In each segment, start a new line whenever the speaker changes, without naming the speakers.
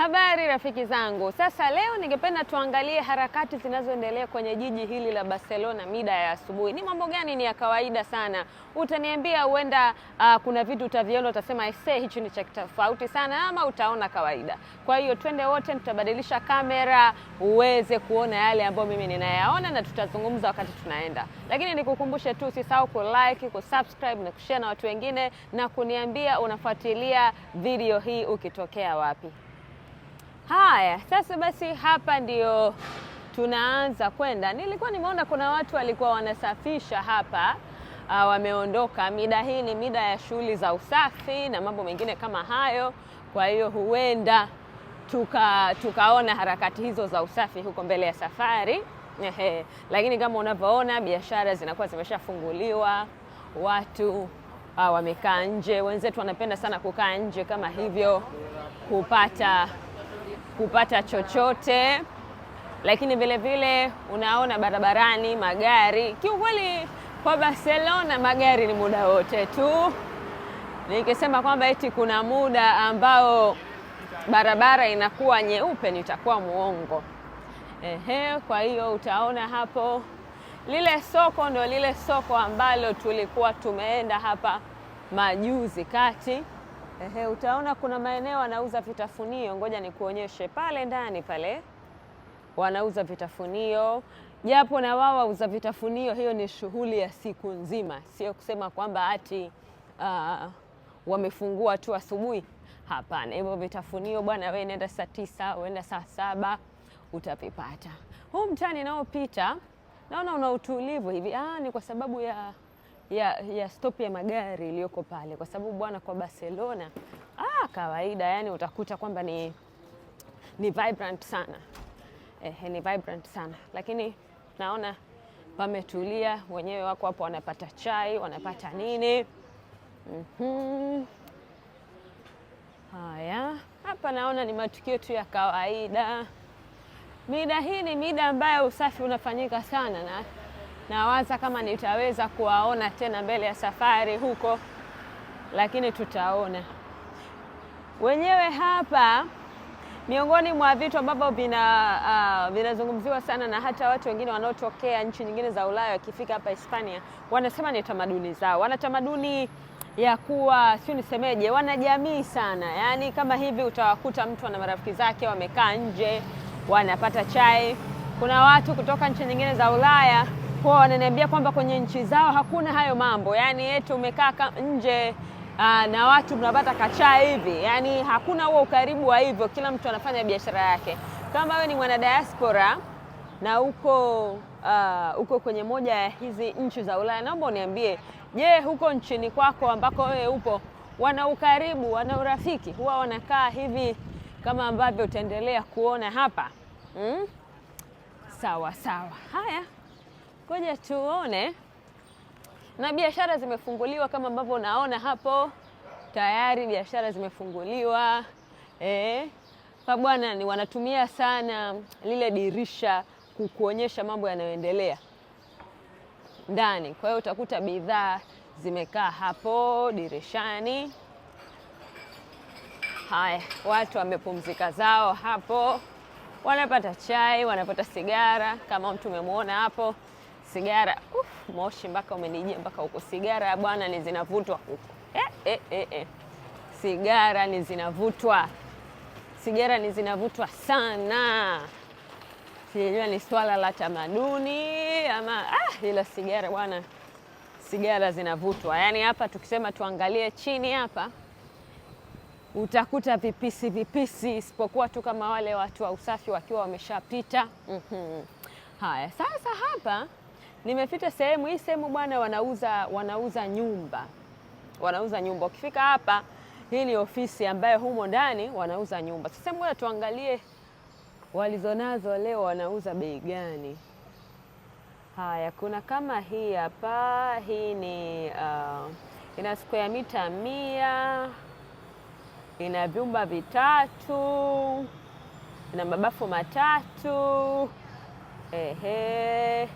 Habari rafiki zangu. Sasa leo ningependa tuangalie harakati zinazoendelea kwenye jiji hili la Barcelona mida ya asubuhi. Ni mambo gani ni ya kawaida sana? Utaniambia huenda uh, kuna vitu utaviona utasema ese hichi ni cha tofauti sana ama utaona kawaida. Kwa hiyo twende wote tutabadilisha kamera uweze kuona yale ambayo mimi ninayaona na tutazungumza wakati tunaenda. Lakini nikukumbushe tu usisahau ku like, ku subscribe na kushare na watu wengine na kuniambia unafuatilia video hii ukitokea wapi. Haya, sasa basi, hapa ndio tunaanza kwenda. Nilikuwa nimeona kuna watu walikuwa wanasafisha hapa uh, wameondoka. Mida hii ni mida ya shughuli za usafi na mambo mengine kama hayo, kwa hiyo huenda tuka, tukaona harakati hizo za usafi huko mbele ya safari. Ehe, lakini kama unavyoona biashara zinakuwa zimeshafunguliwa, watu ah, wamekaa nje. Wenzetu wanapenda sana kukaa nje kama hivyo kupata kupata chochote, lakini vile vile unaona barabarani magari. Kiukweli kwa Barcelona magari ni muda wote tu. Nikisema kwamba eti kuna muda ambao barabara inakuwa nyeupe nitakuwa muongo. Ehe, kwa hiyo utaona hapo lile soko ndo lile soko ambalo tulikuwa tumeenda hapa majuzi kati Ehe, utaona kuna maeneo wanauza vitafunio, ngoja nikuonyeshe pale ndani pale wanauza vitafunio japo na wao wauza vitafunio, hiyo ni shughuli ya siku nzima, sio kusema kwamba ati uh, wamefungua tu asubuhi. Hapana, hivyo vitafunio bwana, wewe nenda saa tisa uenda saa saba utavipata. Huu mtani naopita naona una utulivu hivi. Ah, ni kwa sababu ya ya, ya stop ya magari iliyoko pale, kwa sababu bwana, kwa Barcelona ah, kawaida yani utakuta kwamba ni, ni vibrant sana eh, ni vibrant sana lakini naona pametulia, wenyewe wako hapo wanapata chai wanapata nini. mm -hmm. Haya, hapa naona ni matukio tu ya kawaida. Mida hii ni mida ambayo usafi unafanyika sana na nawaza kama nitaweza kuwaona tena mbele ya safari huko, lakini tutaona wenyewe. Hapa miongoni mwa vitu ambavyo vina uh, vinazungumziwa sana na hata watu wengine wanaotokea nchi nyingine za Ulaya wakifika hapa Hispania wanasema ni tamaduni zao, wana tamaduni ya kuwa sio nisemeje, wanajamii sana. Yaani kama hivi utawakuta mtu ana marafiki zake wamekaa nje wanapata chai. Kuna watu kutoka nchi nyingine za Ulaya kwa wananiambia kwamba kwenye nchi zao hakuna hayo mambo, yaani yetu umekaa nje ah, na watu mnapata kachaa hivi, yaani hakuna huo ukaribu wa hivyo, kila mtu anafanya biashara yake. Kama wewe ni mwana diaspora na uko uh, uko kwenye moja ya hizi nchi za Ulaya, naomba uniambie, je, huko nchini kwako ambako wewe upo wana ukaribu, wana urafiki, huwa wanakaa hivi kama ambavyo utaendelea kuona hapa mm? Sawa sawa, haya. Ngoja tuone, na biashara zimefunguliwa kama ambavyo unaona hapo, tayari biashara zimefunguliwa eh. Kwa bwana ni wanatumia sana lile dirisha kukuonyesha mambo yanayoendelea ndani. Kwa hiyo utakuta bidhaa zimekaa hapo dirishani. Haya, watu wamepumzika zao hapo, wanapata chai, wanapata sigara kama mtu umemwona hapo sigara, uf, moshi mpaka umenijia mpaka huko. Sigara bwana ni zinavutwa huko eh, eh, eh, eh. Sigara ni zinavutwa, sigara ni zinavutwa sana. Sijajua ni swala la tamaduni ama ah, ila sigara bwana, sigara zinavutwa. Yaani hapa tukisema tuangalie chini hapa utakuta vipisi vipisi, isipokuwa tu kama wale watu wa usafi wakiwa wameshapita. mm -hmm. Haya, sasa hapa nimefika sehemu hii, sehemu bwana, wanauza wanauza nyumba, wanauza nyumba. Ukifika hapa, hii ni ofisi ambayo humo ndani wanauza nyumba. Sasa mbona tuangalie walizonazo leo, wanauza bei gani? Haya, kuna kama hii hapa, hii ni uh, ina square mita mia, ina vyumba vitatu, na mabafu matatu. Ehe.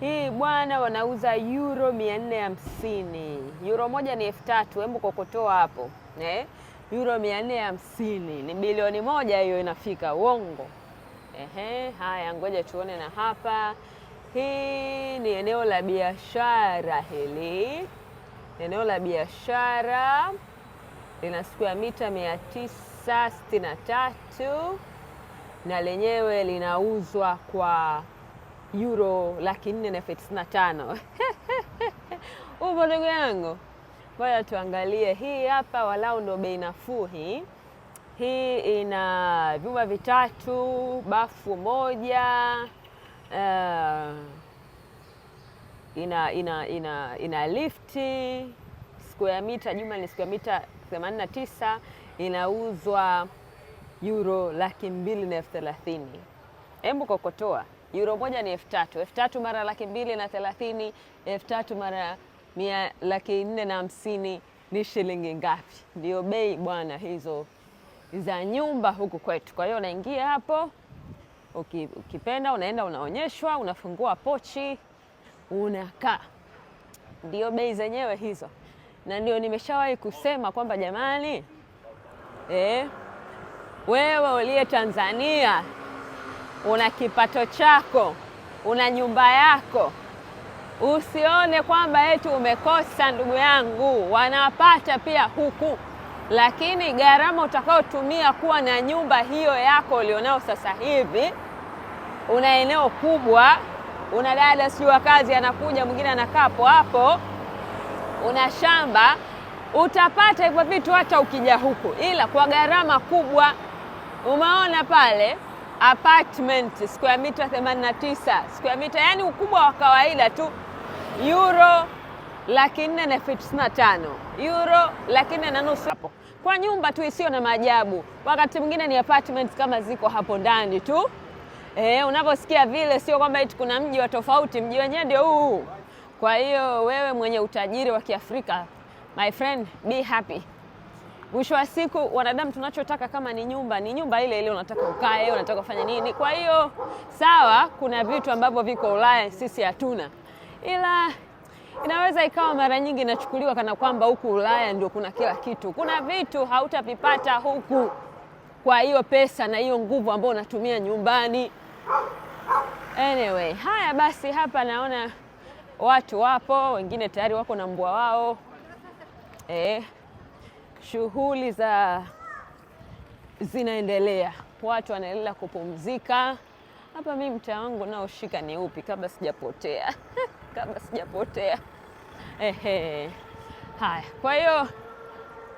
Hii bwana wanauza euro mia nne hamsini. Euro moja ni elfu tatu. Hebu kokotoa hapo eh? Euro mia nne hamsini ni bilioni moja, hiyo inafika uongo? Ehe, haya, ngoja tuone na hapa. Hii ni eneo la biashara, hili eneo la biashara lina square mita mia tisa sitini na tatu na lenyewe linauzwa kwa euro laki nne na elfu tisini na tano upo ndugu yangu, ngoja tuangalie hii hapa, walau ndo bei nafuu hii. Hii ina vyumba vitatu, bafu moja, uh, ina, ina, ina, ina lifti. Square mita jumla ni square mita 89, inauzwa euro laki mbili na elfu thelathini. Hebu kokotoa Euro moja ni elfu tatu elfu tatu mara laki mbili na thelathini elfu tatu mara mia laki nne na hamsini ni shilingi ngapi? Ndio bei bwana hizo za nyumba huku kwetu. Kwa hiyo unaingia hapo, ukipenda unaenda unaonyeshwa, unafungua pochi, unakaa. Ndio bei zenyewe hizo, na ndio nimeshawahi kusema kwamba jamani, eh, wewe uliye Tanzania una kipato chako, una nyumba yako. Usione kwamba eti umekosa, ndugu yangu, wanapata pia huku, lakini gharama utakayotumia kuwa na nyumba hiyo yako ulionao sasa hivi, una eneo kubwa, una dada sijui wa kazi anakuja, mwingine anakaapo hapo, una shamba, utapata hivyo vitu hata ukija huku, ila kwa gharama kubwa. Umeona pale apartment square mita 89 square meter, yani ukubwa wa kawaida tu, euro laki nne na elfu tisini na tano euro laki nne na nusu hapo kwa nyumba tu isiyo na maajabu. Wakati mwingine ni apartment kama ziko hapo ndani tu e, unavyosikia vile, sio kwamba eti kuna mji wa tofauti. Mji wenyewe ndio huu. Kwa hiyo wewe mwenye utajiri wa Kiafrika, my friend, be happy mwisho wa siku wanadamu tunachotaka kama ni nyumba ni nyumba ile ile, unataka ukae, unataka kufanya nini. Kwa hiyo sawa, kuna vitu ambavyo viko Ulaya sisi hatuna, ila inaweza ikawa mara nyingi inachukuliwa kana kwamba huku Ulaya ndio kuna kila kitu. Kuna vitu hautavipata huku kwa hiyo pesa na hiyo nguvu ambayo unatumia nyumbani. Anyway, haya basi, hapa naona watu wapo, wengine tayari wako na mbwa wao eh shughuli za zinaendelea, watu wanaendelea kupumzika. Hapa mi mtaa wangu naoshika ni upi? Kabla sijapotea kabla sijapotea. Ehe, haya. Kwa hiyo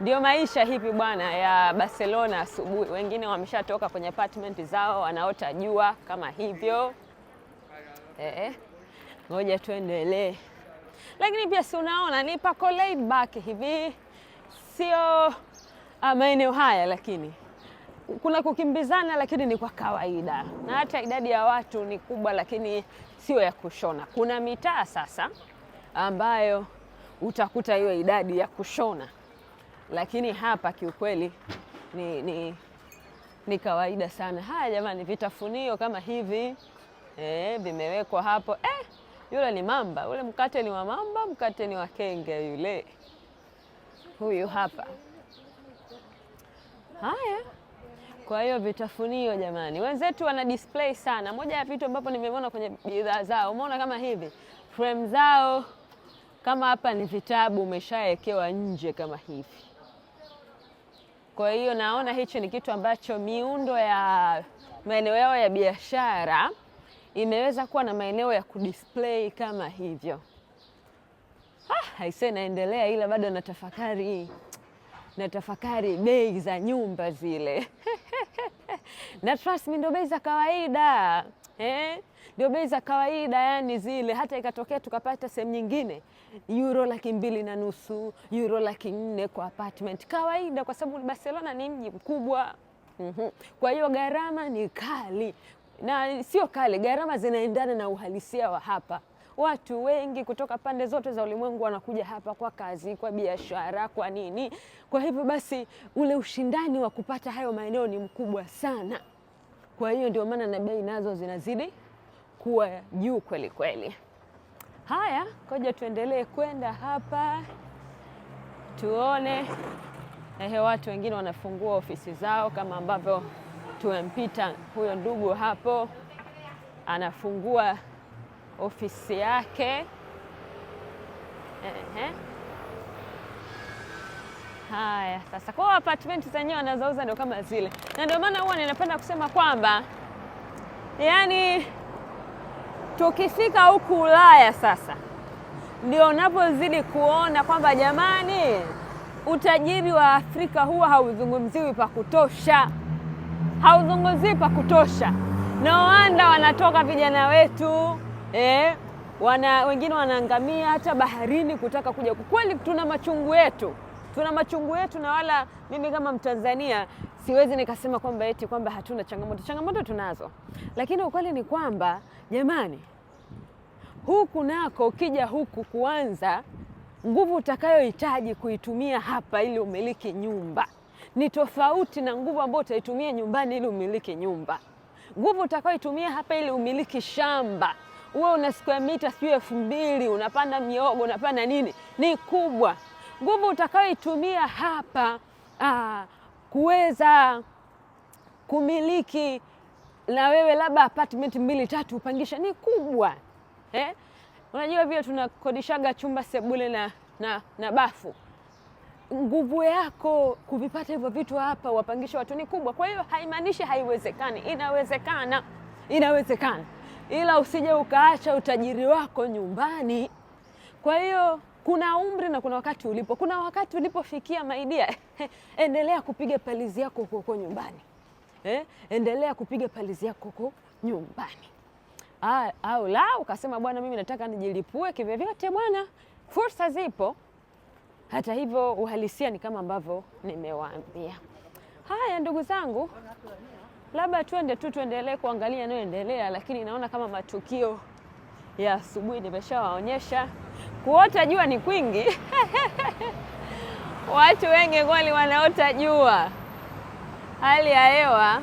ndio maisha hivi bwana ya Barcelona asubuhi. Wengine wameshatoka kwenye apartment zao wanaota jua kama hivyo. Ehe, ngoja tuendelee, lakini pia si unaona ni pako laid back hivi sio ah, maeneo haya, lakini kuna kukimbizana, lakini ni kwa kawaida, na hata idadi ya watu ni kubwa, lakini sio ya kushona. Kuna mitaa sasa ambayo utakuta hiyo idadi ya kushona, lakini hapa kiukweli ni, ni, ni kawaida sana. Haya jamani, vitafunio kama hivi eh, vimewekwa hapo e, yule ni mamba, ule mkate ni wa mamba, mkate ni wa kenge yule huyu hapa. Haya, kwa hiyo vitafunio jamani, wenzetu wana display sana. Moja ya vitu ambapo nimeona kwenye bidhaa zao, umeona kama hivi frame zao, kama hapa ni vitabu, umeshawekewa nje kama hivi. Kwa hiyo naona hicho ni kitu ambacho miundo ya maeneo yao ya biashara imeweza kuwa na maeneo ya kudisplay kama hivyo haise, naendelea ila bado natafakari, natafakari bei za nyumba zile na trust me, ndio bei za kawaida eh? Ndio bei za kawaida yani zile, hata ikatokea tukapata sehemu nyingine euro laki mbili na nusu euro laki nne kwa apartment kawaida, kwa sababu Barcelona ni mji mkubwa. Mm-hmm. Kwa hiyo gharama ni kali na sio kali, gharama zinaendana na uhalisia wa hapa. Watu wengi kutoka pande zote za ulimwengu wanakuja hapa kwa kazi, kwa biashara, kwa nini. Kwa hivyo basi ule ushindani wa kupata hayo maeneo ni mkubwa sana. Kwa hiyo ndio maana na bei nazo zinazidi kuwa juu kweli kweli. Haya, koja tuendelee kwenda hapa tuone ehe, watu wengine wanafungua ofisi zao kama ambavyo tumempita huyo ndugu hapo anafungua ofisi yake. Ehe. Haya, sasa kwa apartment zenyewe wanazouza ndio kama zile, na ndio maana huwa ninapenda kusema kwamba yani tukifika huku Ulaya sasa ndio unapozidi kuona kwamba jamani, utajiri wa Afrika huwa hauzungumziwi pa kutosha, hauzungumziwi pa kutosha. Na wanda wanatoka vijana wetu eh, wana wengine wanaangamia hata baharini kutaka kuja. Kweli tuna machungu yetu, tuna machungu yetu, na wala mimi kama Mtanzania siwezi nikasema kwamba eti kwamba hatuna changamoto. Changamoto tunazo, lakini ukweli ni kwamba jamani, huku nako ukija huku kuanza nguvu utakayohitaji kuitumia hapa ili umiliki nyumba ni tofauti na nguvu ambayo utaitumia nyumbani ili umiliki nyumba. Nguvu utakayoitumia hapa ili umiliki shamba uwe una square mita sijui elfu mbili unapanda miogo unapanda nini, ni kubwa. Nguvu utakayoitumia hapa ah, kuweza kumiliki na wewe labda apartment mbili tatu upangisha ni kubwa eh? Unajua vile tunakodishaga chumba sebule na, na, na bafu nguvu yako kuvipata hivyo vitu hapa wapangisha watu ni kubwa. Kwa hiyo haimaanishi haiwezekani, inawezekana, inawezekana ila usije ukaacha utajiri wako nyumbani. Kwa hiyo kuna umri na kuna wakati ulipo, kuna wakati ulipofikia maidia, endelea kupiga palizi yako huko nyumbani eh, endelea kupiga palizi yako huko nyumbani ah, au la ukasema bwana, mimi nataka nijilipue kivyovyote. Bwana, fursa zipo. Hata hivyo uhalisia ni kama ambavyo nimewaambia. Haya ndugu zangu labda tuende tu tuendelee kuangalia yanayoendelea, lakini naona kama matukio ya asubuhi nimeshawaonyesha. Kuota jua ni kwingi watu wengi kweli wanaota jua. Hali ya hewa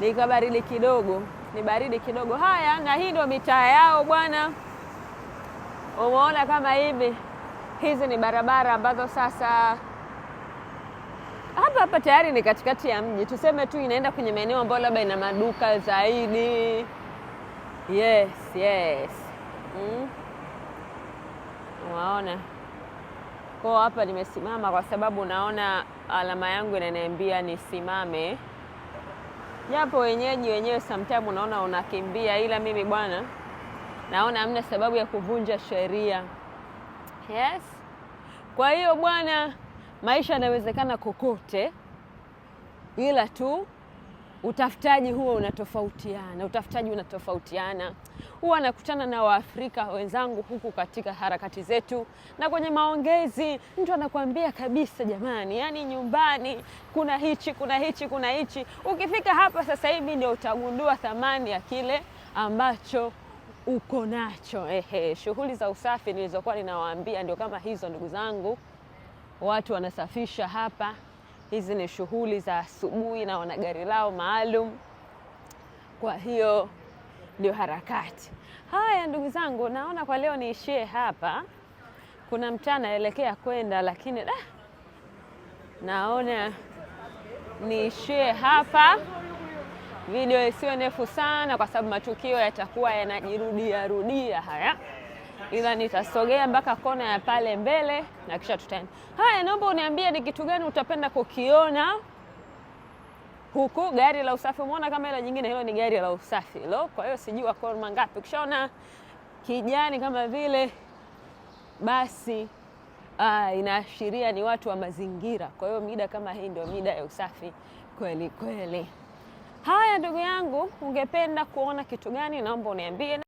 ni kabaridi kidogo, ni baridi kidogo. Haya, na hii ndio mitaa yao bwana, umeona kama hivi. Hizi ni barabara ambazo sasa hapa tayari ni katikati ya mji, tuseme tu inaenda kwenye maeneo ambayo labda ina maduka zaidi. Yes, yes. Mm. Waona ko hapa nimesimama kwa sababu naona alama yangu inaniambia nisimame, japo wenyeji wenyewe sometime unaona unakimbia, ila mimi bwana naona hamna sababu ya kuvunja sheria. Yes, kwa hiyo bwana maisha yanawezekana kokote, ila tu utafutaji huo unatofautiana, utafutaji unatofautiana. Huwa anakutana na Waafrika wenzangu huku katika harakati zetu na kwenye maongezi, mtu anakuambia kabisa, jamani, yani nyumbani kuna hichi kuna hichi kuna hichi. Ukifika hapa sasa hivi ndio utagundua thamani ya kile ambacho uko nacho. Ehe, shughuli za usafi nilizokuwa ninawaambia ndio kama hizo, ndugu zangu watu wanasafisha hapa. Hizi ni shughuli za asubuhi na wana gari lao maalum, kwa hiyo ndio harakati. Haya ndugu zangu, naona kwa leo niishie hapa. Kuna mtaa naelekea kwenda, lakini da, ah, naona niishie hapa, video isiwe ndefu sana, kwa sababu matukio yatakuwa yanajirudia rudia haya ila nitasogea mpaka kona ya pale mbele na kisha tutaenda. Haya, naomba uniambie ni kitu gani utapenda kukiona huku. Gari la usafi umeona kama ile nyingine, hilo ni gari la usafi lo. Kwa hiyo sijui wako mangapi. ukishaona kijani kama vile basi ah, inaashiria ni watu wa mazingira. Kwa hiyo mida kama hii ndio mida ya usafi kweli kweli. Haya ndugu yangu, ungependa kuona kitu gani? Naomba uniambie.